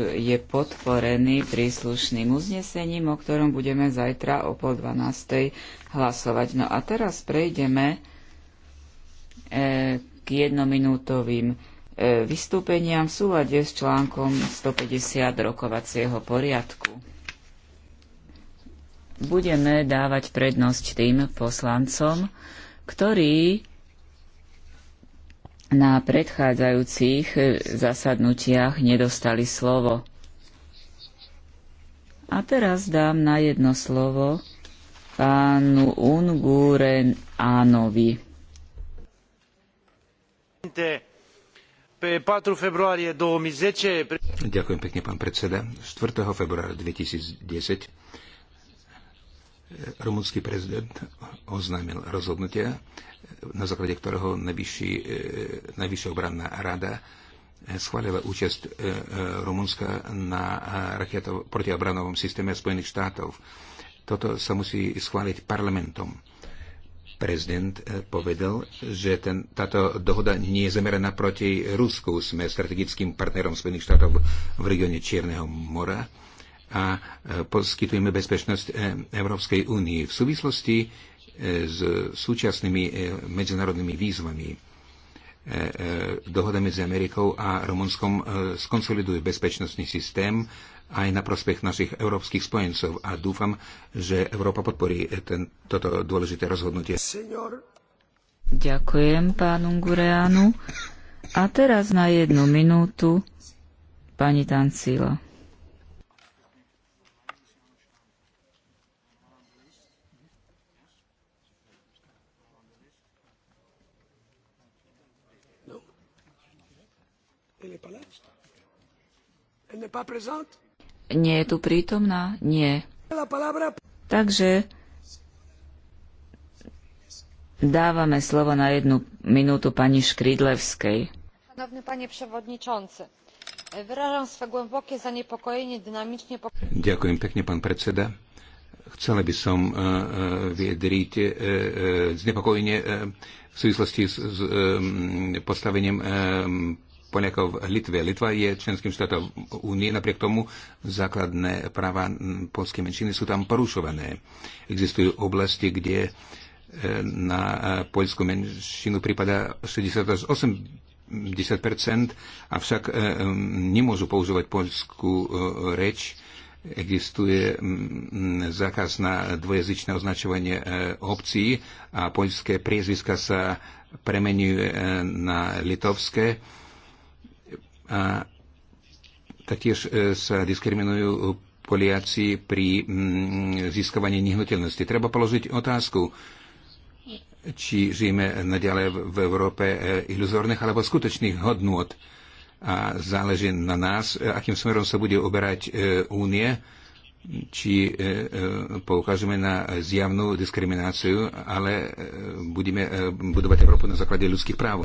je podporený príslušným uznesením, o ktorom budeme zajtra o pol 12. hlasovať. No a teraz prejdeme e, k jednominútovým e, vystúpeniam v súlade s článkom 150 rokovacieho poriadku. Budeme dávať prednosť tým poslancom, ktorí na predchádzajúcich e, zasadnutiach nedostali slovo. A teraz dám na jedno slovo pánu Unguren Ánovi. Ďakujem pekne, pán predseda. 4. februára 2010 e, rumúnsky prezident oznámil rozhodnutia, na základe ktorého najvyšší, e, najvyššia obranná rada e, schválila účasť e, Rumunska na raketov, protiobranovom systéme Spojených štátov. Toto sa musí schváliť parlamentom. Prezident povedal, že ten, táto dohoda nie je zameraná proti Rusku. Sme strategickým partnerom Spojených štátov v regióne Čierneho mora a poskytujeme bezpečnosť Európskej únii. V súvislosti E, s súčasnými e, medzinárodnými výzvami. E, dohoda medzi Amerikou a Rumunskom skonsoliduje bezpečnostný systém aj na prospech našich európskych spojencov a dúfam, že Európa podporí ten, toto dôležité rozhodnutie. Ďakujem pánu Gureánu. A teraz na jednu minútu pani Tancila. Nie je tu prítomná? Nie. Takže dávame slovo na jednu minútu pani Škridlevskej. Szanowny panie przewodniczący, wyrażam swe głębokie zaniepokojenie dynamicznie... Ďakujem pekne, pán predseda. Chcela by som e, e, vyjadriť e, znepokojenie v súvislosti s postavením Poliakov v Litve. Litva je členským štátom únie, napriek tomu základné práva polskej menšiny sú tam porušované. Existujú oblasti, kde e, na e, poľskú menšinu prípada 60 až 80 avšak e, nemôžu používať poľskú reč. Existuje zákaz na dvojazyčné označovanie obcí a poľské priezviska sa premenuje na litovské a taktiež e, sa diskriminujú Poliaci pri mm, získavaní nehnuteľnosti. Treba položiť otázku, či žijeme naďalej v Európe e, iluzórnych alebo skutočných hodnôt. A záleží na nás, e, akým smerom sa bude uberať únie. E, či e, e, poukážeme na zjavnú diskrimináciu, ale e, budeme budovať Európu na základe ľudských práv.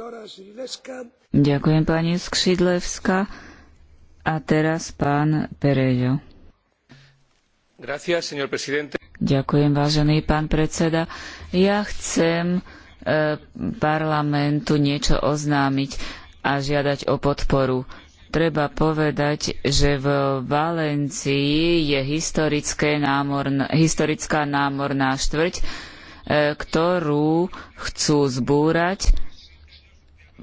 Ďakujem pani Skřidlevska. A teraz pán Perejo. Gracias, señor presidente. Ďakujem, vážený pán predseda. Ja chcem parlamentu niečo oznámiť a žiadať o podporu Treba povedať, že v Valencii je námorn, historická námorná štvrť, e, ktorú chcú zbúrať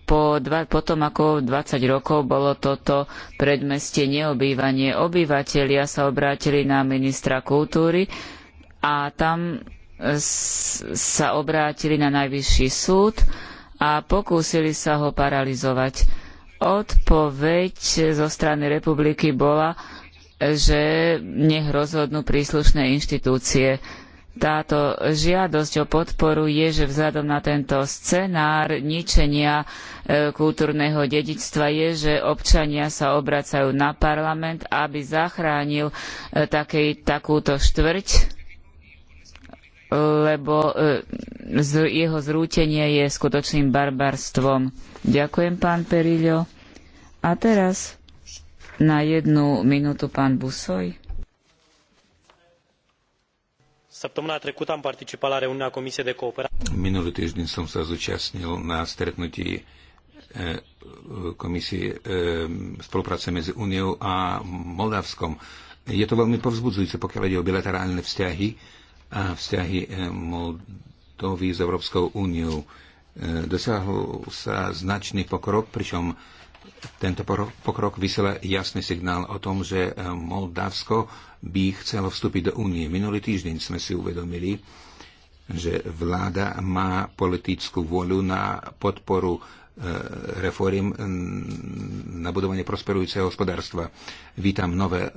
po dva, potom ako 20 rokov bolo toto predmestie neobývanie. Obyvatelia sa obrátili na ministra kultúry a tam sa obrátili na najvyšší súd a pokúsili sa ho paralizovať. Odpoveď zo strany republiky bola, že nech rozhodnú príslušné inštitúcie. Táto žiadosť o podporu je, že vzhľadom na tento scenár ničenia e, kultúrneho dedičstva je, že občania sa obracajú na parlament, aby zachránil e, takej, takúto štvrť, lebo e, jeho zrútenie je skutočným barbarstvom. Ďakujem, pán Perillo. A teraz na jednu minútu pán Busoj. Minulý týždeň som sa zúčastnil na stretnutí e, komisie e, spolupráce medzi Úniou a Moldavskom. Je to veľmi povzbudzujúce, pokiaľ ide o bilaterálne vzťahy a vzťahy e, Moldovy s Európskou úniou. Dosiahol sa značný pokrok, pričom tento pokrok vysiela jasný signál o tom, že eh, Moldavsko by chcelo vstúpiť do únie. Minulý týždeň sme si uvedomili, že vláda má politickú voľu na podporu eh, reforiem na budovanie prosperujúceho hospodárstva. Vítam nové eh,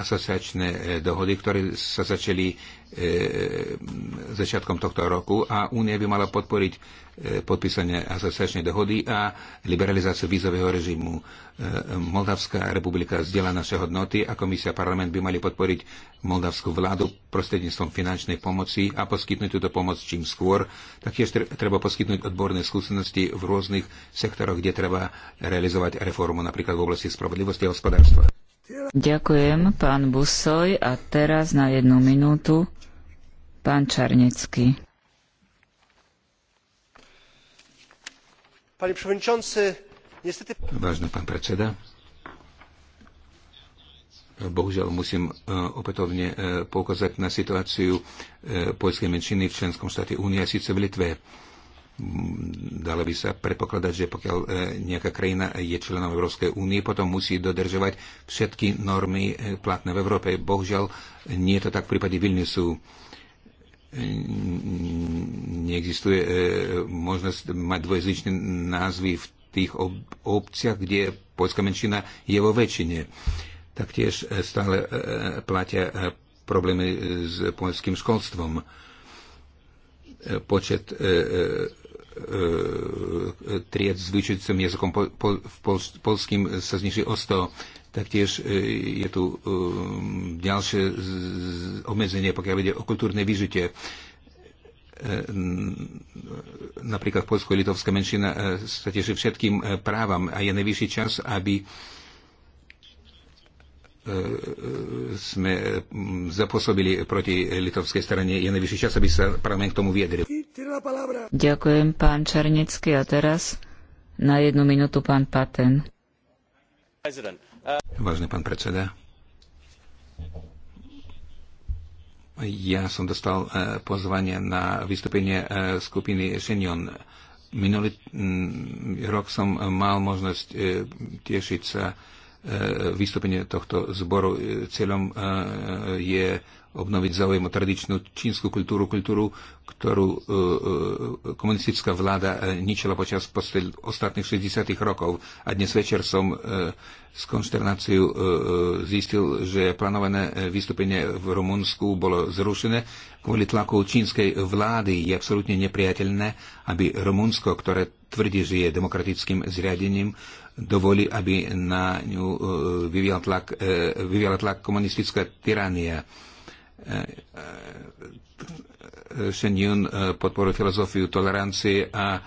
asociačné dohody, ktoré sa začali E, začiatkom tohto roku a Únia by mala podporiť e, podpísanie asociačnej dohody a liberalizáciu vízového režimu. E, Moldavská republika zdieľa naše hodnoty a komisia a parlament by mali podporiť moldavskú vládu prostredníctvom finančnej pomoci a poskytnúť túto pomoc čím skôr. Taktiež treba poskytnúť odborné skúsenosti v rôznych sektoroch, kde treba realizovať reformu, napríklad v oblasti spravodlivosti a hospodárstva. Ďakujem, pán Busoj. A teraz na jednu minútu pán Čarnecký. Panie przewodniczący, niestety... Vážny pán predseda, bohužiaľ musím e, opätovne e, poukázať na situáciu e, poľskej menšiny v členskom štáte Únia, síce v Litve dalo by sa predpokladať, že pokiaľ nejaká krajina je členom Európskej únie, potom musí dodržovať všetky normy platné v Európe. Bohužiaľ, nie je to tak v prípade Vilniusu neexistuje e, možnosť mať dvojzličné názvy v tých ob- obciach, kde poľská menšina je vo väčšine. Taktiež e, stále e, platia problémy s poľským školstvom. Počet tried s vyučujúcim jazykom po, po, po, polským sa zniží o 100. Taktiež e, je tu e, ďalšie obmedzenie, pokiaľ ide o kultúrne vyžitie. E, napríklad polsko-litovská menšina sa teší všetkým právam a je najvyšší čas, aby sme zapôsobili proti litovskej strane. Je najvyšší čas, aby sa parlament k tomu viedril. Ďakujem, pán Čarnecký. A teraz na jednu minútu pán Paten. Vážený pán predseda, ja som dostal e, pozvanie na vystúpenie e, skupiny Senion. Minulý rok som mal možnosť e, tešiť sa E, vystúpenie tohto zboru. E, cieľom e, je obnoviť záujem o tradičnú čínsku kultúru, kultúru, ktorú komunistická vláda ničila počas ostatných 60 rokov. A dnes večer som s konšternáciou zistil, že plánované vystúpenie v Rumunsku bolo zrušené kvôli tlaku čínskej vlády. Je absolútne nepriateľné, aby Rumunsko, ktoré tvrdí, že je demokratickým zriadením, dovolí, aby na ňu e, e, vyvíjala tlak, vyvíjala tlak komunistická tyrania. E, Shen Yun podporuje filozofiu tolerancie a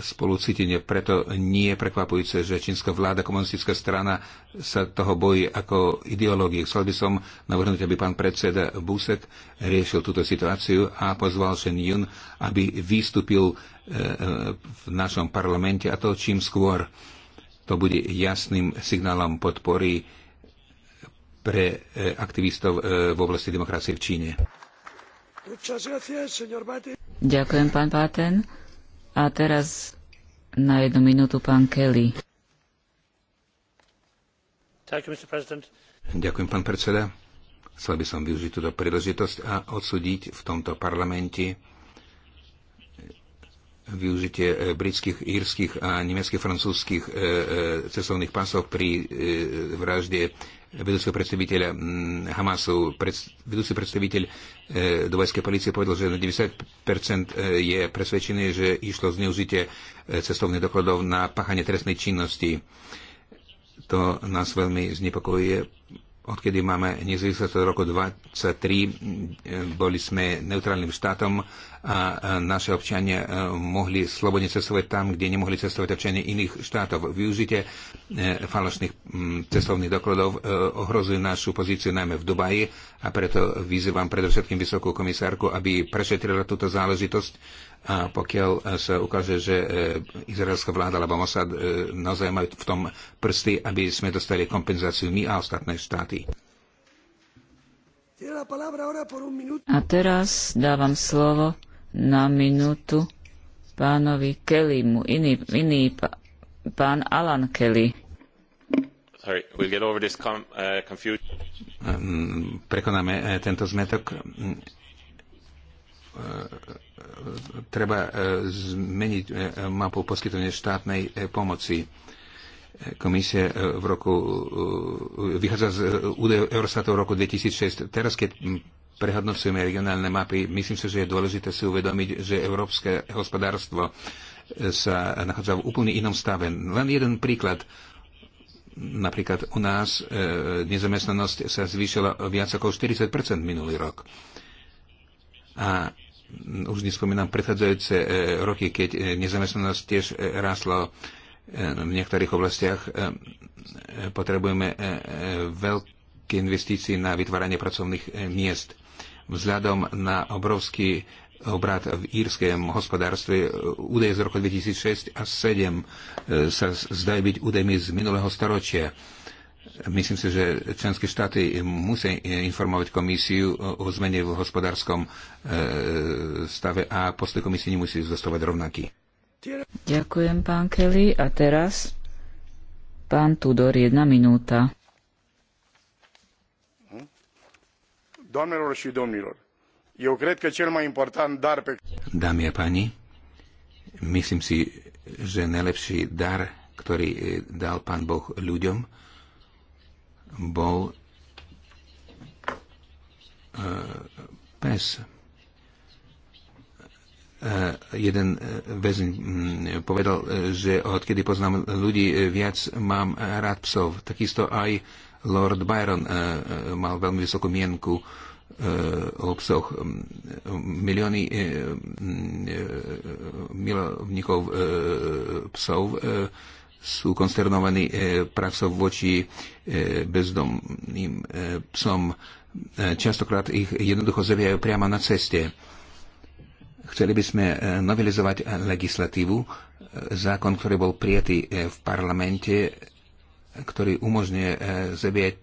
spolucítenie. Preto nie je prekvapujúce, že čínska vláda, komunistická strana sa toho bojí ako ideológie. Chcel by som navrhnúť, aby pán predseda Busek riešil túto situáciu a pozval Shen Yun, aby vystúpil v našom parlamente a to čím skôr. To bude jasným signálom podpory pre e, aktivistov e, v oblasti demokracie v Číne. Ďakujem, pán Páten. A teraz na jednu minútu pán Kelly. Ďakujem, pán predseda. Chcel by som využiť túto príležitosť a odsúdiť v tomto parlamente využitie e, britských, írskych a nemeckých, francúzských e, e, cestovných pasov pri vražde vedúceho predstaviteľa Hamasu. vedúci predstaviteľ dubajskej policie povedal, že na 90% je presvedčený, že išlo zneužitie cestovných dokladov na páchanie trestnej činnosti. To nás veľmi znepokojuje odkedy máme nezávislosť od roku 23, e, boli sme neutrálnym štátom a e, naše občania e, mohli slobodne cestovať tam, kde nemohli cestovať občania iných štátov. Využite falošných cestovných dokladov ohrozuje našu pozíciu najmä v Dubaji a preto vyzývam predovšetkým vysokú komisárku, aby prešetrila túto záležitosť a pokiaľ sa ukáže, že e, izraelská vláda alebo Mossad e, naozaj majú v tom prsty, aby sme dostali kompenzáciu my a ostatné štáty. A teraz dávam slovo na minútu pánovi Kellymu, iný, iný pán Alan Kelly. Sorry, we'll get over this com, uh, um, Prekonáme uh, tento zmetok treba e, zmeniť e, mapu poskytovania štátnej e, pomoci. Komisia v roku vychádza z údajov Eurostatu v roku 2006. Teraz, keď prehodnocujeme regionálne mapy, myslím si, že je dôležité si uvedomiť, že európske hospodárstvo sa nachádza v úplne inom stave. Len jeden príklad napríklad u nás nezamestnanosť sa zvýšila viac ako 40 minulý rok. A už nespomínam predchádzajúce e, roky, keď e, nezamestnanosť tiež e, rásla v niektorých oblastiach. Potrebujeme veľké investície na vytváranie pracovných miest. Vzhľadom na obrovský obrad v írskom hospodárstve. Údaje z roku 2006 a 2007 sa zdajú byť údajmi z minulého storočia. Myslím si, že členské štáty musia informovať komisiu o zmene v hospodárskom e, stave a postoj komisie nemusí zostávať rovnaký. Ďakujem, pán Kelly. A teraz pán Tudor, jedna minúta. Hm? Doamnelor și domnilor, eu cred că cel mai important dar pe... Dámy a páni, myslím si, že najlepší dar, ktorý e, dal pán Boh ľuďom, bol e, pes. E, jeden e, väzň mm, povedal, že odkedy poznám ľudí, viac mám rád psov. Takisto aj Lord Byron mal veľmi vysokú mienku o psoch. Milióny milovníkov psov sú konsternovaní e, praxou voči e, bezdomným e, psom. E, Častokrát ich jednoducho zaviajú priamo na ceste. Chceli by sme e, novelizovať legislatívu, e, zákon, ktorý bol prijatý e, v parlamente, ktorý umožňuje e, zaviať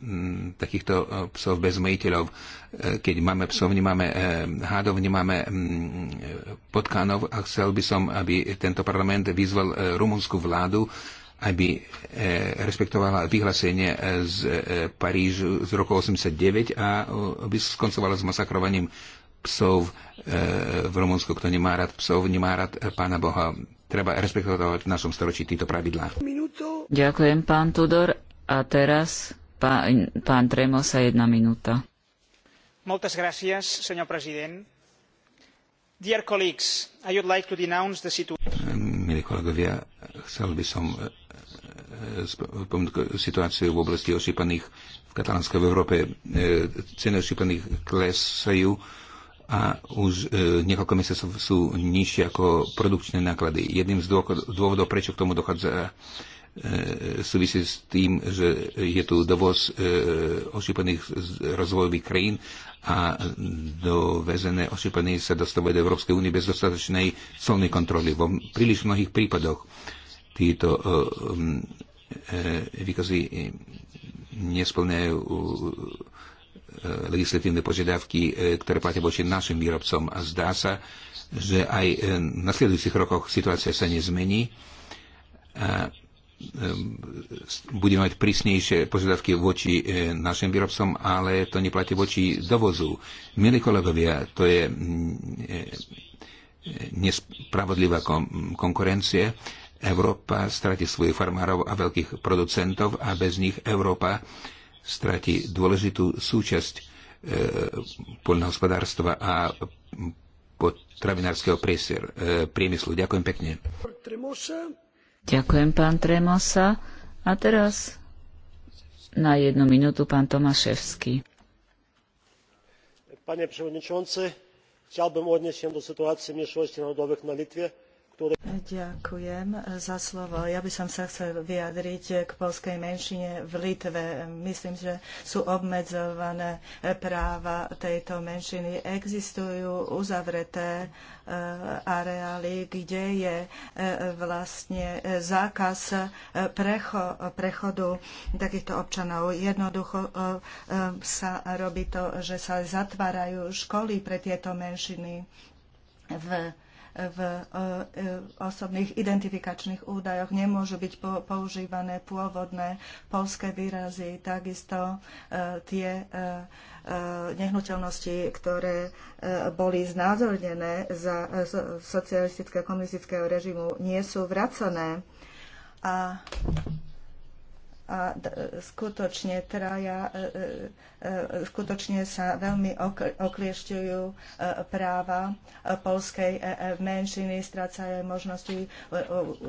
Mm, takýchto e, psov bez majiteľov. E, keď máme psov, nemáme e, hádov, nemáme potkanov a chcel by som, aby tento parlament vyzval rumunskú vládu, aby respektovala vyhlásenie z Parížu z roku 89 a aby skoncovala s masakrovaním psov v Rumunsku. Kto nemá rád psov, nemá rád pána Boha. Treba respektovať v našom storočí tieto pravidlá. Ďakujem, pán Tudor. A teraz Pán, Tremosa, jedna minúta. Moltes gràcies, senyor president. Dear colleagues, I would like to denounce the situation. Milí kolegovia, chcel by som eh, eh, spomenúť situáciu v oblasti osýpaných v katalánskej v Európe. Eh, ceny osýpaných klesajú a už niekoľko mesiacov sú nižšie ako produkčné náklady. Jedným z dôvodov, prečo k tomu dochádza, E, súvisí s tým, že je tu dovoz e, ošípaných z rozvojových krajín a dovezené ošípaní sa dostávajú do Európskej únie bez dostatočnej colnej kontroly. Vo príliš mnohých prípadoch títo e, výkazy nesplňajú legislatívne požiadavky, ktoré platia voči našim výrobcom. A zdá sa, že aj v nasledujúcich rokoch situácia sa nezmení. A E, budeme mať prísnejšie požiadavky voči e, našim výrobcom, ale to neplatí voči dovozu. Milí kolegovia, to je mm, e, nespravodlivá konkurencia. Európa stratí svojich farmárov a veľkých producentov a bez nich Európa stratí dôležitú súčasť poľnohospodárstva a potravinárskeho priemyslu. Ďakujem pekne. Ďakujem, pán Tremosa. A teraz na jednu minútu pán Tomaševský. Panie przewodniczący, chciałbym odnieść się do sytuacji mniejszości narodowych na Litwie ktoré... Ďakujem za slovo. Ja by som sa chcel vyjadriť k polskej menšine v Litve. Myslím, že sú obmedzované práva tejto menšiny. Existujú uzavreté e, areály, kde je e, vlastne zákaz e, prechodu takýchto občanov. Jednoducho sa robí to, že sa zatvárajú školy pre tieto menšiny v v e, e, osobných identifikačných údajoch nemôžu byť používané pôvodné polské výrazy, takisto e, tie nehnuteľnosti, ktoré boli znázornené za socialistického komunistického režimu, nie sú vracané. A a e, skutočne traja, e, e, skutočne sa veľmi okliešťujú práva polskej menšiny, strácajú možnosti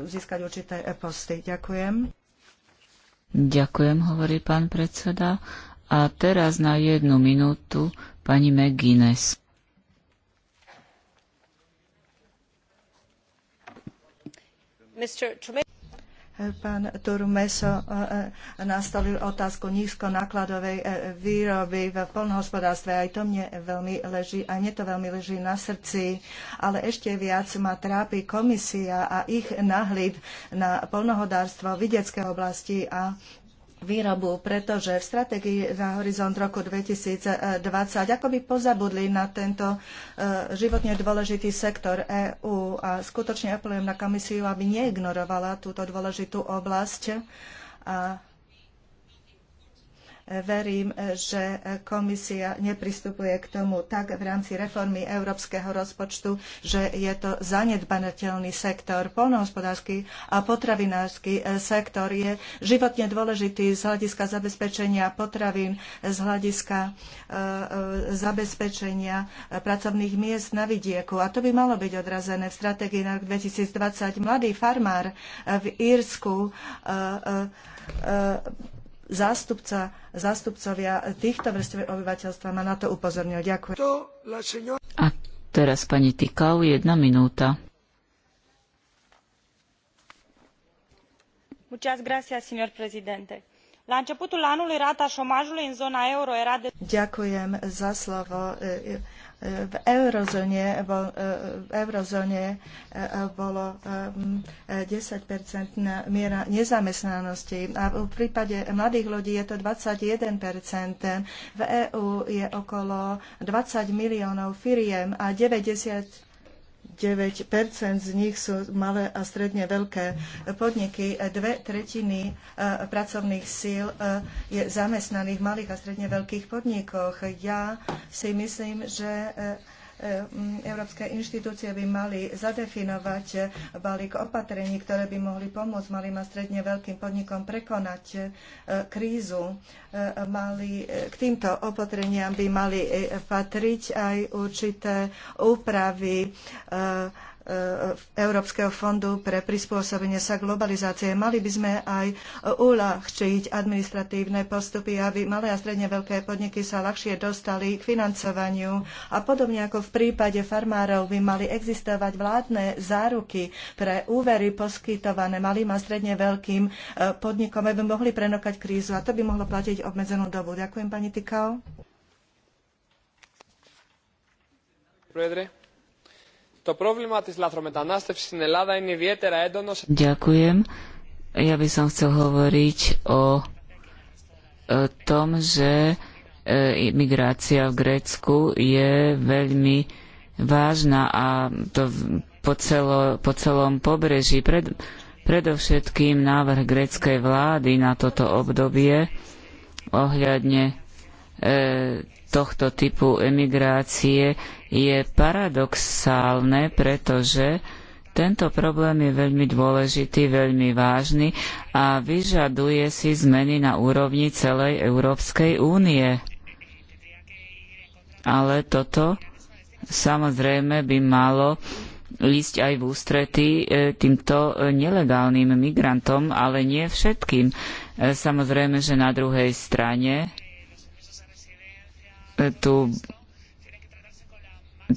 získať určité posty. Ďakujem. Ďakujem, hovorí pán predseda. A teraz na jednu minútu pani McGuinness. Mr. Trump Pán Turmeso e, e, nastavil otázku nízkonákladovej e, výroby v polnohospodárstve. Aj to mne veľmi leží, aj mne to veľmi leží na srdci. Ale ešte viac ma trápi komisia a ich náhľad na polnohospodárstvo vidieckej oblasti a výrobu, pretože v stratégii na horizont roku 2020 akoby pozabudli na tento e, životne dôležitý sektor EÚ a skutočne apelujem na komisiu, aby neignorovala túto dôležitú oblasť a verím, že komisia nepristupuje k tomu tak v rámci reformy európskeho rozpočtu, že je to zanedbanateľný sektor. Polnohospodársky a potravinársky e, sektor je životne dôležitý z hľadiska zabezpečenia potravín, z hľadiska e, e, zabezpečenia pracovných miest na vidieku. A to by malo byť odrazené v stratégii na rok 2020. Mladý farmár v Írsku zástupca, zástupcovia týchto vrstiev obyvateľstva ma na to upozornil. Ďakujem. A teraz pani Tikau, jedna minúta. La începutul anului rata Ďakujem za slovo. E, e, v eurozóne, e, v eurozóne e, bolo 10 e, miera nezamestnanosti a v prípade mladých ľudí je to 21 V EÚ je okolo 20 miliónov firiem a 90 z nich sú malé a stredne veľké podniky. Dve tretiny e, pracovných síl e, je zamestnaných v malých a stredne veľkých podnikoch. Ja si myslím, že e, E, európske inštitúcie by mali zadefinovať balík opatrení, ktoré by mohli pomôcť malým a stredne veľkým podnikom prekonať e, krízu. E, mali, k týmto opatreniam by mali patriť aj určité úpravy E, Európskeho fondu pre prispôsobenie sa globalizácie. Mali by sme aj uľahčiť administratívne postupy, aby malé a stredne veľké podniky sa ľahšie dostali k financovaniu. A podobne ako v prípade farmárov by mali existovať vládne záruky pre úvery poskytované malým a stredne veľkým e, podnikom, aby mohli prenokať krízu. A to by mohlo platiť obmedzenú dobu. Ďakujem, pani Tikao. Predre. To problema Ďakujem. Ja by som chcel hovoriť o, o tom, že migrácia v Grécku je veľmi vážna a to po, celo, po celom pobreží. Pred, predovšetkým návrh gréckej vlády na toto obdobie ohľadne E, tohto typu emigrácie je paradoxálne, pretože tento problém je veľmi dôležitý, veľmi vážny a vyžaduje si zmeny na úrovni celej Európskej únie. Ale toto samozrejme by malo ísť aj v ústretí e, týmto nelegálnym migrantom, ale nie všetkým. E, samozrejme, že na druhej strane tu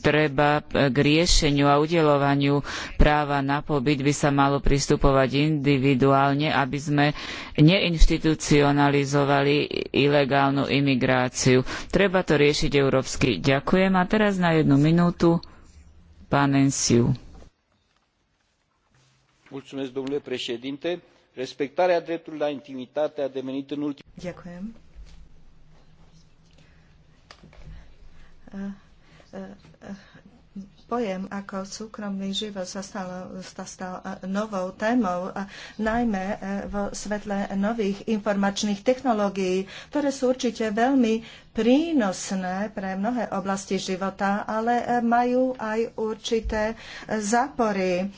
treba k riešeniu a udeľovaniu práva na pobyt by sa malo pristupovať individuálne, aby sme neinštitucionalizovali ilegálnu imigráciu. Treba to riešiť európsky. Ďakujem. A teraz na jednu minútu pán Ensiu. Ďakujem. uh, uh, Pojem ako súkromný život sa stal, sa stal e, novou témou, a e, najmä e, vo svetle nových informačných technológií, ktoré sú určite veľmi prínosné pre mnohé oblasti života, ale majú aj určité zápory.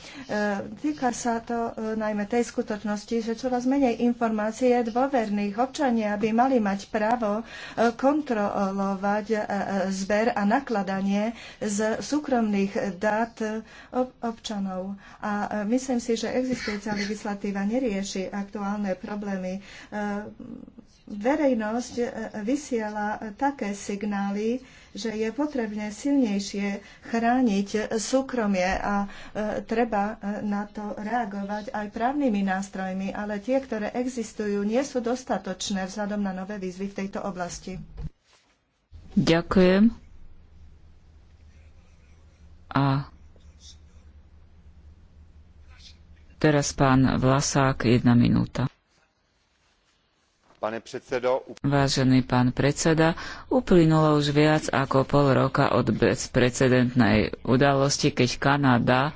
Týka sa to najmä tej skutočnosti, že čoraz menej informácie je dôverných. Občania by mali mať právo kontrolovať zber a nakladanie z súkromných súkromných dát e, občanov. A e, myslím si, že existujúca legislatíva nerieši aktuálne problémy. E, verejnosť vysiela také signály, že je potrebné silnejšie chrániť súkromie a treba na to reagovať aj právnymi nástrojmi, ale tie, ktoré existujú, nie sú dostatočné vzhľadom na nové výzvy v tejto oblasti. Ďakujem. A teraz pán Vlasák, jedna minúta. Vážený pán predseda, uplynulo už viac ako pol roka od bezprecedentnej udalosti, keď Kanada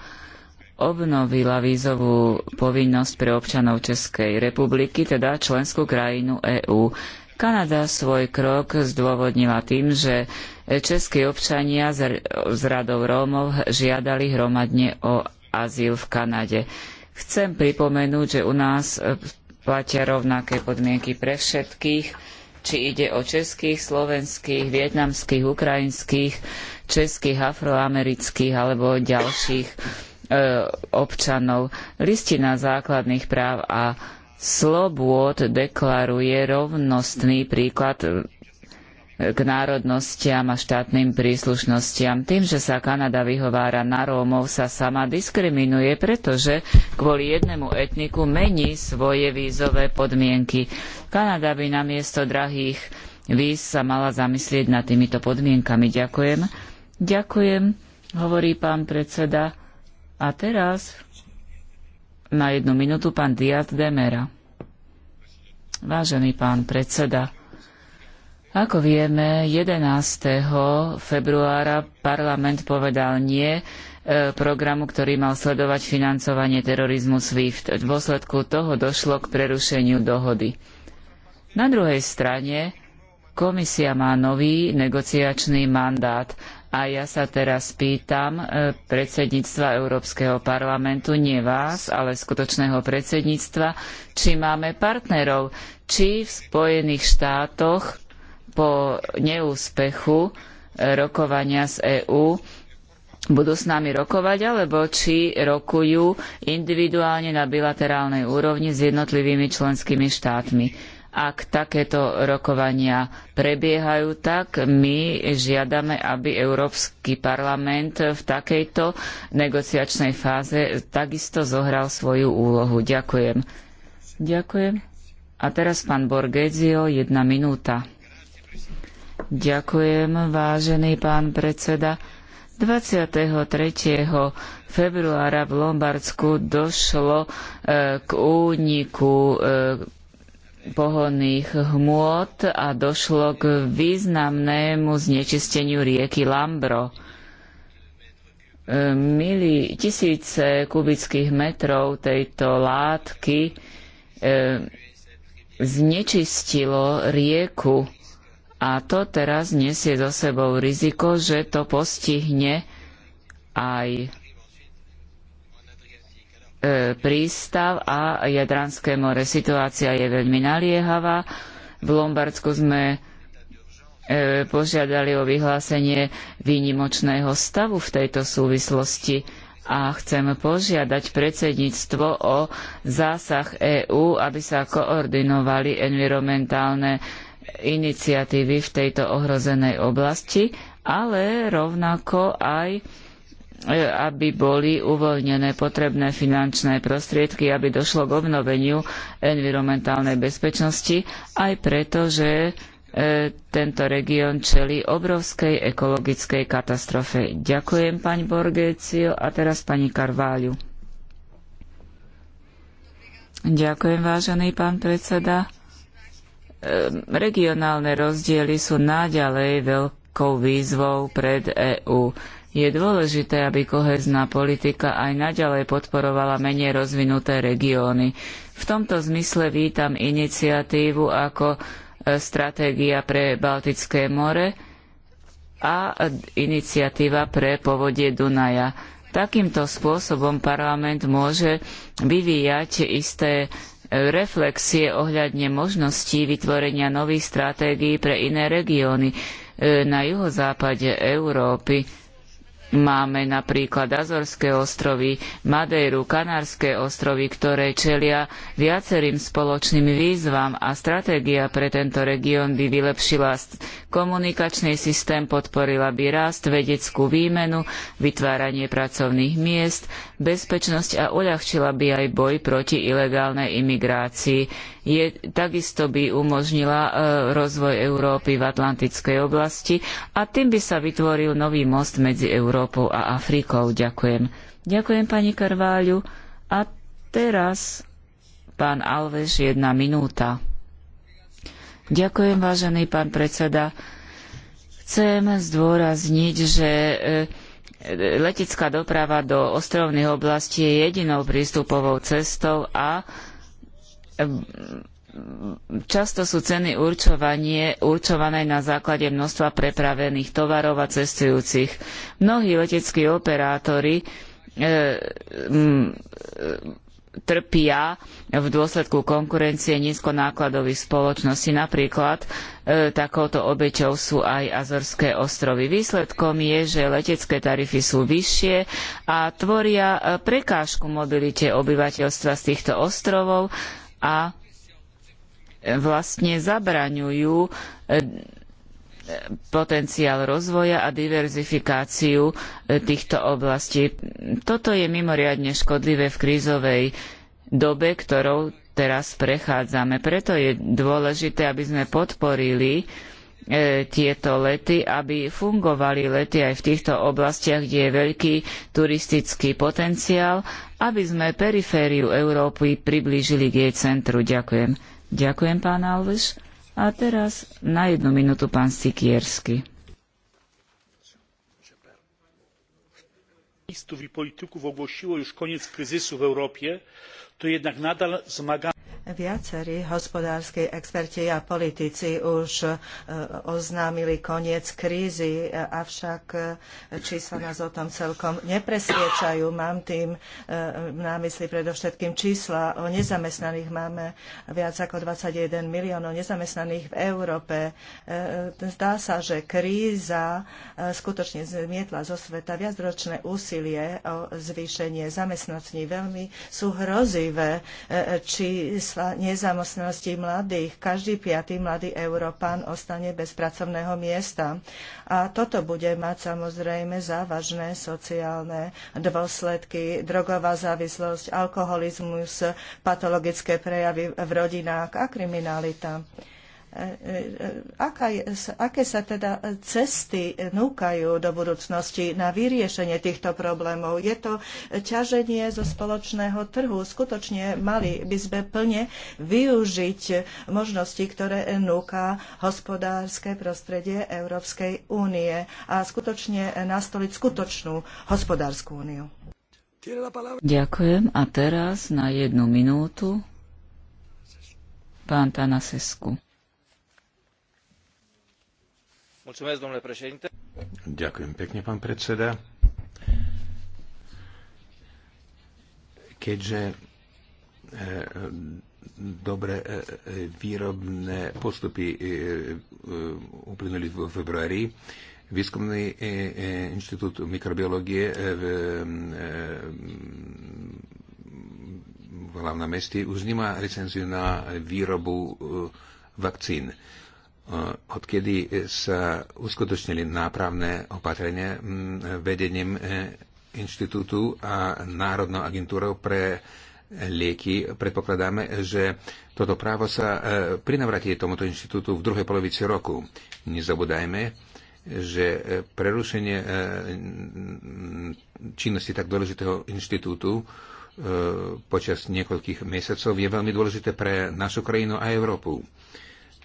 obnovila vízovú povinnosť pre občanov Českej republiky, teda členskú krajinu EÚ. Kanada svoj krok zdôvodnila tým, že českí občania s radou Rómov žiadali hromadne o azyl v Kanade. Chcem pripomenúť, že u nás platia rovnaké podmienky pre všetkých, či ide o českých, slovenských, vietnamských, ukrajinských, českých, afroamerických alebo ďalších e, občanov. Listina základných práv a slobôd deklaruje rovnostný príklad e, k národnostiam a štátnym príslušnostiam. Tým, že sa Kanada vyhovára na Rómov, sa sama diskriminuje, pretože kvôli jednému etniku mení svoje vízové podmienky. Kanada by namiesto drahých víz sa mala zamyslieť nad týmito podmienkami. Ďakujem. Ďakujem, hovorí pán predseda. A teraz na jednu minútu pán Diaz Demera. Vážený pán predseda, ako vieme, 11. februára parlament povedal nie e, programu, ktorý mal sledovať financovanie terorizmu SWIFT. V dôsledku toho došlo k prerušeniu dohody. Na druhej strane komisia má nový negociačný mandát a ja sa teraz pýtam e, predsedníctva Európskeho parlamentu, nie vás, ale skutočného predsedníctva, či máme partnerov, či v Spojených štátoch po neúspechu e, rokovania z EÚ budú s nami rokovať, alebo či rokujú individuálne na bilaterálnej úrovni s jednotlivými členskými štátmi. Ak takéto rokovania prebiehajú, tak my žiadame, aby Európsky parlament v takejto negociačnej fáze takisto zohral svoju úlohu. Ďakujem. Ďakujem. A teraz pán Borgezio, jedna minúta. Ďakujem, vážený pán predseda. 23. februára v Lombardsku došlo e, k úniku e, pohonných hmôt a došlo k významnému znečisteniu rieky Lambro. E, mili, tisíce kubických metrov tejto látky e, znečistilo rieku a to teraz nesie so sebou riziko, že to postihne aj E, prístav a Jadranské more. Situácia je veľmi naliehavá. V Lombardsku sme e, požiadali o vyhlásenie výnimočného stavu v tejto súvislosti a chcem požiadať predsedníctvo o zásah EÚ, aby sa koordinovali environmentálne iniciatívy v tejto ohrozenej oblasti, ale rovnako aj E, aby boli uvoľnené potrebné finančné prostriedky, aby došlo k obnoveniu environmentálnej bezpečnosti, aj preto, že e, tento región čelí obrovskej ekologickej katastrofe. Ďakujem, pani Borgecio, a teraz pani Karváľu. Ďakujem, vážený pán predseda. E, regionálne rozdiely sú naďalej veľkou výzvou pred EÚ. Je dôležité, aby kohezná politika aj naďalej podporovala menej rozvinuté regióny. V tomto zmysle vítam iniciatívu ako e, stratégia pre Baltické more a iniciatíva pre povodie Dunaja. Takýmto spôsobom parlament môže vyvíjať isté e, reflexie ohľadne možností vytvorenia nových stratégií pre iné regióny e, na juhozápade Európy Máme napríklad Azorské ostrovy, Madejru, Kanárske ostrovy, ktoré čelia viacerým spoločným výzvam a stratégia pre tento región by vylepšila komunikačný systém, podporila by rast, vedeckú výmenu, vytváranie pracovných miest, bezpečnosť a uľahčila by aj boj proti ilegálnej imigrácii je, takisto by umožnila e, rozvoj Európy v Atlantickej oblasti a tým by sa vytvoril nový most medzi Európou a Afrikou. Ďakujem. Ďakujem pani Karváľu. A teraz pán Alves, jedna minúta. Ďakujem, vážený pán predseda. Chcem zdôrazniť, že e, letecká doprava do ostrovných oblastí je jedinou prístupovou cestou a Často sú ceny určovanie, určované na základe množstva prepravených tovarov a cestujúcich. Mnohí leteckí operátori e, m, e, trpia v dôsledku konkurencie nízkonákladových spoločností. Napríklad e, takouto obeťou sú aj Azorské ostrovy. Výsledkom je, že letecké tarify sú vyššie a tvoria e, prekážku mobilite obyvateľstva z týchto ostrovov a vlastne zabraňujú e, potenciál rozvoja a diverzifikáciu e, týchto oblastí. Toto je mimoriadne škodlivé v krízovej dobe, ktorou teraz prechádzame. Preto je dôležité, aby sme podporili E, tieto lety, aby fungovali lety aj v týchto oblastiach, kde je veľký turistický potenciál, aby sme perifériu Európy priblížili k jej centru. Ďakujem. Ďakujem, pán Alves. A teraz na jednu minútu pán Sikiersky. i polityków ogłosiło już koniec kryzysu w to jednak nadal zmagamy Viacerí hospodárski experti a politici už e, oznámili koniec krízy, avšak e, čísla nás o tom celkom nepresviečajú. Mám tým e, na mysli predovšetkým čísla o nezamestnaných. Máme viac ako 21 miliónov nezamestnaných v Európe. Zdá sa, že kríza skutočne zmietla zo sveta viacročné úsilie o zvýšenie zamestnaní. Veľmi sú hrozivé čísla nezamestnanosti mladých. Každý piatý mladý Európan ostane bez pracovného miesta. A toto bude mať samozrejme závažné sociálne dôsledky. Drogová závislosť, alkoholizmus, patologické prejavy v rodinách a kriminalita. E, e, aká je, aké sa teda cesty núkajú do budúcnosti na vyriešenie týchto problémov. Je to ťaženie zo spoločného trhu. Skutočne mali by sme plne využiť možnosti, ktoré núka hospodárske prostredie Európskej únie a skutočne nastoliť skutočnú hospodárskú úniu. Ďakujem a teraz na jednu minútu pán Tanasescu. Ďakujem pekne, pán predseda. Keďže e, dobre e, výrobné postupy e, uplynuli v februári, Výskumný inštitút mikrobiológie v, v hlavnom meste už nemá licenciu na výrobu vakcín. Eh, odkedy sa uskutočnili nápravné opatrenia mm, vedením eh, inštitútu a Národnou agentúrou pre lieky. Predpokladáme, že toto právo sa eh, prinavratí tomuto inštitútu v druhej polovici roku. Nezabúdajme, že prerušenie činnosti tak dôležitého inštitútu počas niekoľkých mesiacov je veľmi dôležité pre našu krajinu a Európu.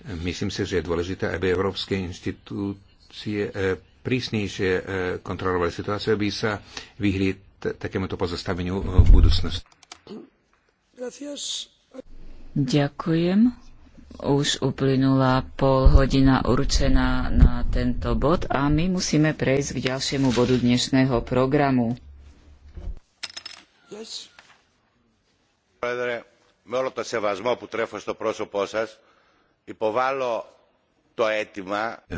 Myslím si, že je dôležité, aby európske inštitúcie eh, prísnejšie eh, kontrolovali situáciu, aby sa vyhli takémuto pozastaveniu eh, v budúcnosti. Ďakujem. Už uplynula pol hodina určená na tento bod a my musíme prejsť k ďalšiemu bodu dnešného programu. Yes.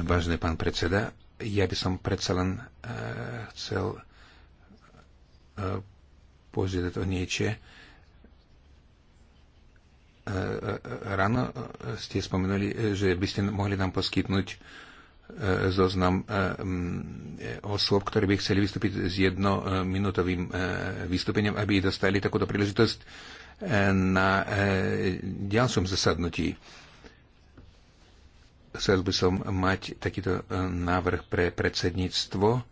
Vážený pán predseda, ja by som predsa len uh, chcel uh, požiadať o niečo. E, ráno ste spomenuli, že by ste mohli nám poskytnúť zoznam osôb, ktoré by chceli vystúpiť s jednominútovým vystúpením, aby dostali takúto príležitosť na ďalšom zasadnutí chcel by som mať takýto e, návrh pre predsedníctvo,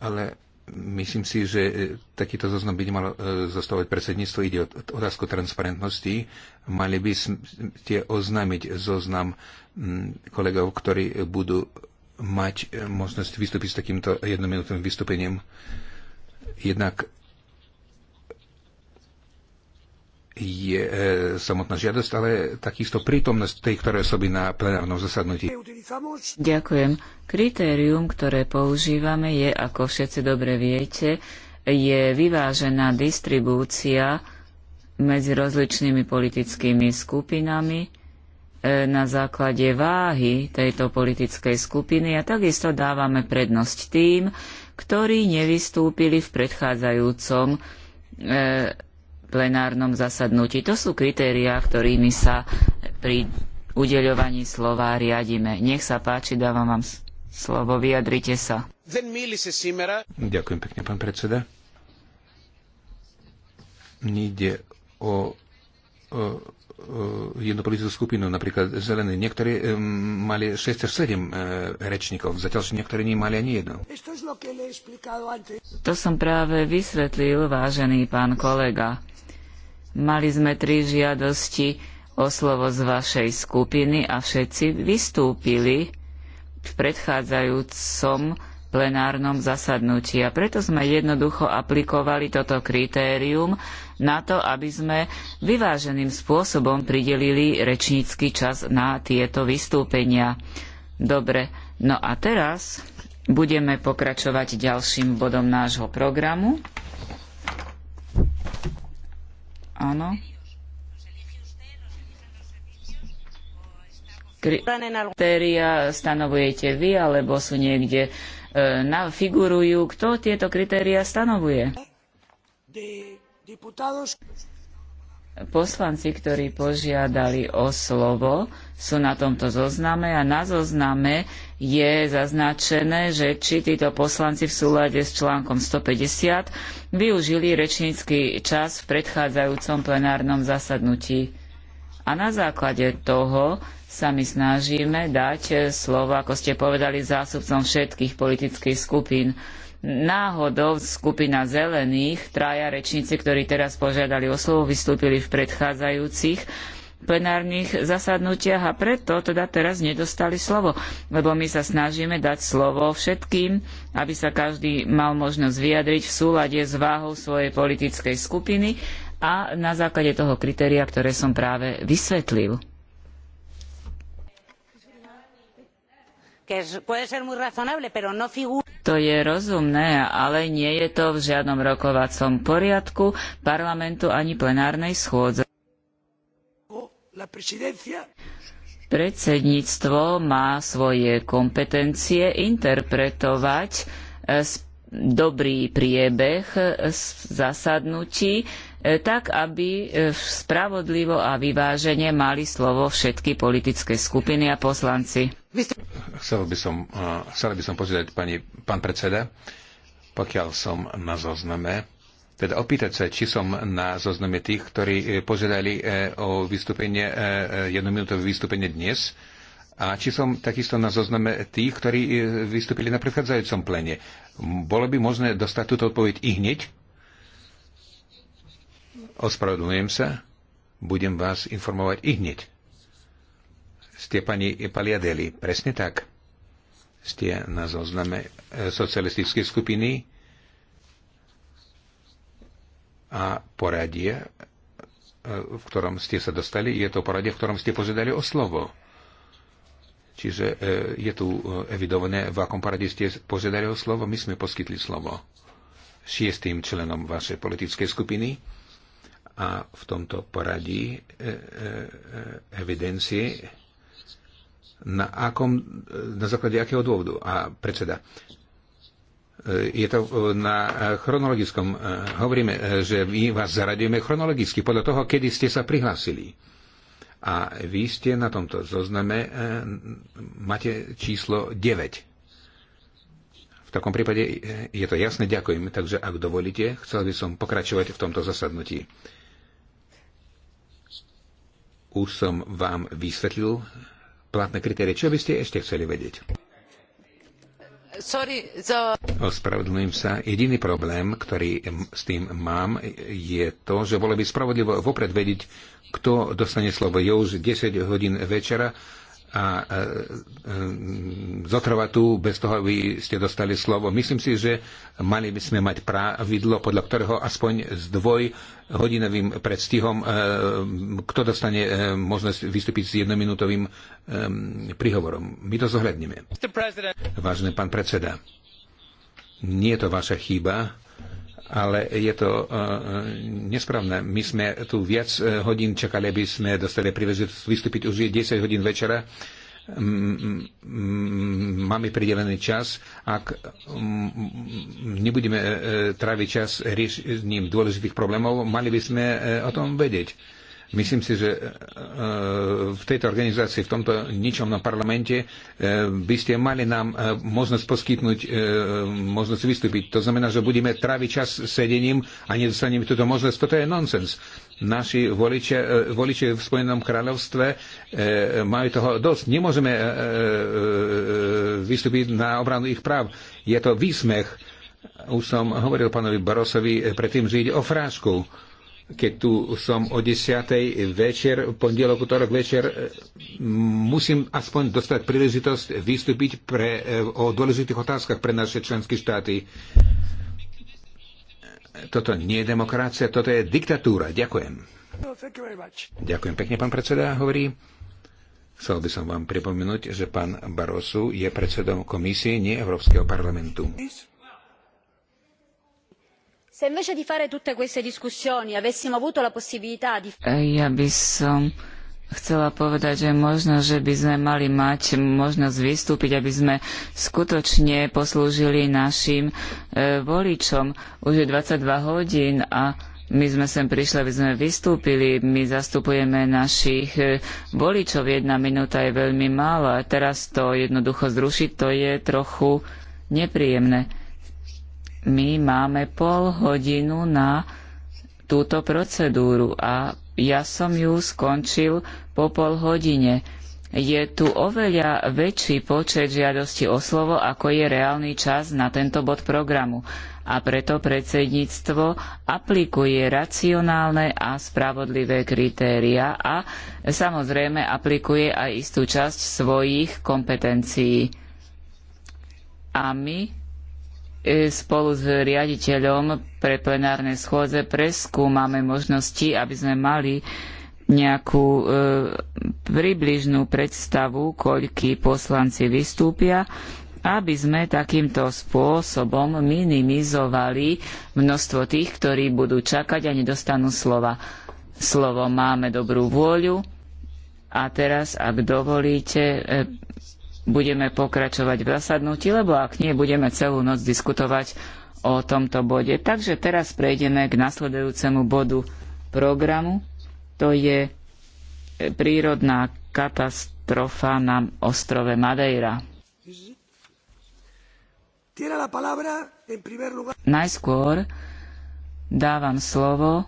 ale myslím si, že e, takýto zoznam by nemal e, zostávať predsedníctvo. Ide o otázku transparentnosti. Mali by ste oznámiť zoznam kolegov, ktorí budú mať možnosť vystúpiť s takýmto jednominútovým vystúpením. Jednak je e, samotná žiadosť, ale takisto prítomnosť tej ktoré osoby na plenárnom zasadnutí. Ďakujem. Kritérium, ktoré používame, je, ako všetci dobre viete, je vyvážená distribúcia medzi rozličnými politickými skupinami e, na základe váhy tejto politickej skupiny a takisto dávame prednosť tým, ktorí nevystúpili v predchádzajúcom e, plenárnom zasadnutí. To sú kritériá, ktorými sa pri udeľovaní slova riadime. Nech sa páči, dávam vám slovo, vyjadrite sa. Ďakujem pekne, pán predseda. Nejde o, o, o jednu politickú skupinu, napríklad zelení. Niektorí um, mali 6 až 7 uh, e, rečníkov, zatiaľ že niektorí nemali ani jednu. To som práve vysvetlil, vážený pán kolega. Mali sme tri žiadosti o slovo z vašej skupiny a všetci vystúpili v predchádzajúcom plenárnom zasadnutí. A preto sme jednoducho aplikovali toto kritérium na to, aby sme vyváženým spôsobom pridelili rečnícky čas na tieto vystúpenia. Dobre, no a teraz budeme pokračovať ďalším bodom nášho programu. Áno. Kritéria stanovujete vy, alebo sú niekde e, figurujú. Kto tieto kritéria stanovuje? poslanci, ktorí požiadali o slovo, sú na tomto zozname a na zozname je zaznačené, že či títo poslanci v súlade s článkom 150 využili rečnícky čas v predchádzajúcom plenárnom zasadnutí. A na základe toho sa my snažíme dať slovo, ako ste povedali, zásupcom všetkých politických skupín náhodou skupina zelených, traja rečníci, ktorí teraz požiadali o slovo, vystúpili v predchádzajúcich plenárnych zasadnutiach a preto teda teraz nedostali slovo, lebo my sa snažíme dať slovo všetkým, aby sa každý mal možnosť vyjadriť v súlade s váhou svojej politickej skupiny a na základe toho kritéria, ktoré som práve vysvetlil. No to je rozumné, ale nie je to v žiadnom rokovacom poriadku parlamentu ani plenárnej schôdze. Predsedníctvo má svoje kompetencie interpretovať eh, dobrý priebeh eh, zasadnutí tak aby e, spravodlivo a vyvážene mali slovo všetky politické skupiny a poslanci. Chcel by som, e, chcel by som požiadať pani, pán predseda, pokiaľ som na zozname, teda opýtať sa, či som na zozname tých, ktorí e, požiadali o vystúpenie, jednominútové vystúpenie dnes, a či som takisto na zozname tých, ktorí vystúpili na predchádzajúcom plene. Bolo by možné dostať túto odpoveď i hneď? Ospravedlňujem sa. Budem vás informovať i hneď. Ste pani Paliadeli, presne tak. Ste na zozname eh, socialistickej skupiny a poradie, eh, v ktorom ste sa dostali, je to poradie, v ktorom ste požiadali o slovo. Čiže eh, je tu evidované, v akom poradí ste požiadali o slovo. My sme poskytli slovo šiestým členom vašej politickej skupiny a v tomto poradí e, e, e, evidencie, na, akom, na základe akého dôvodu. A predseda, je to na chronologickom, hovoríme, že my vás zaradíme chronologicky podľa toho, kedy ste sa prihlásili. A vy ste na tomto zozname, máte číslo 9. V takom prípade je to jasné, ďakujem. Takže ak dovolíte, chcel by som pokračovať v tomto zasadnutí. Už som vám vysvetlil platné kritérie. Čo by ste ešte chceli vedieť? Sorry, Ospravedlňujem sa. Jediný problém, ktorý s tým mám, je to, že bolo by spravodlivo vopred vedieť, kto dostane slovo. Je už 10 hodín večera a mm, zotrvať tu bez toho, aby ste dostali slovo. Myslím si, že mali by sme mať pravidlo, podľa ktorého aspoň s dvojhodinovým predstihom e, kto dostane e, možnosť vystúpiť s jednominútovým e, príhovorom. My to zohľadníme. Vážený pán predseda, nie je to vaša chyba, ale je to eh, eh, nesprávne. My sme tu viac eh, hodín čakali, aby sme dostali príležitosť vystúpiť. Už je 10 hodín večera. Máme pridelený čas. Ak nebudeme tráviť čas riešením dôležitých problémov, mali by sme o tom vedieť Myslím si, že eh, v tejto organizácii, v tomto ničomnom parlamente eh, by ste mali nám eh, možnosť poskytnúť možnosť vystúpiť. To znamená, že budeme tráviť čas sedením a nedostaneme túto možnosť. Toto je nonsens. Naši voliče, voliče v Spojenom kráľovstve majú toho dosť. Nemôžeme vystúpiť na obranu ich práv. Je to výsmech. Už som hovoril pánovi Barosovi predtým, že ide o frášku keď tu som o 10. večer, pondelok, útorok večer, e, musím aspoň dostať príležitosť vystúpiť pre, e, o dôležitých otázkach pre naše členské štáty. Toto nie je demokracia, toto je diktatúra. Ďakujem. No, Ďakujem pekne, pán predseda, hovorí. Chcel by som vám pripomenúť, že pán Barroso je predsedom komisie, nie Európskeho parlamentu. Please. Se invece di fare tutte queste discussioni avessimo avuto la possibilità di... E ja by som chcela povedať, že možno, že by sme mali mať možnosť vystúpiť, aby sme skutočne poslúžili našim e, voličom. Už je 22 hodín a my sme sem prišli, aby sme vystúpili, my zastupujeme našich e, voličov, jedna minúta je veľmi málo a teraz to jednoducho zrušiť, to je trochu nepríjemné my máme pol hodinu na túto procedúru a ja som ju skončil po pol hodine. Je tu oveľa väčší počet žiadosti o slovo, ako je reálny čas na tento bod programu a preto predsedníctvo aplikuje racionálne a spravodlivé kritériá a samozrejme aplikuje aj istú časť svojich kompetencií. A my spolu s riaditeľom pre plenárne schôdze preskúmame možnosti, aby sme mali nejakú e, približnú predstavu, koľkí poslanci vystúpia, aby sme takýmto spôsobom minimizovali množstvo tých, ktorí budú čakať a nedostanú slova. Slovo máme dobrú vôľu a teraz, ak dovolíte, e, budeme pokračovať v zasadnutí, lebo ak nie, budeme celú noc diskutovať o tomto bode. Takže teraz prejdeme k nasledujúcemu bodu programu. To je e, prírodná katastrofa na ostrove Madeira. Najskôr dávam slovo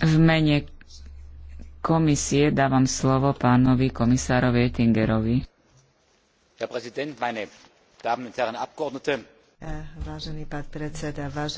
v mene komisie dávam slovo pánovi komisárovi Oettingerovi. Ja, eh, vážený pán predseda, vážený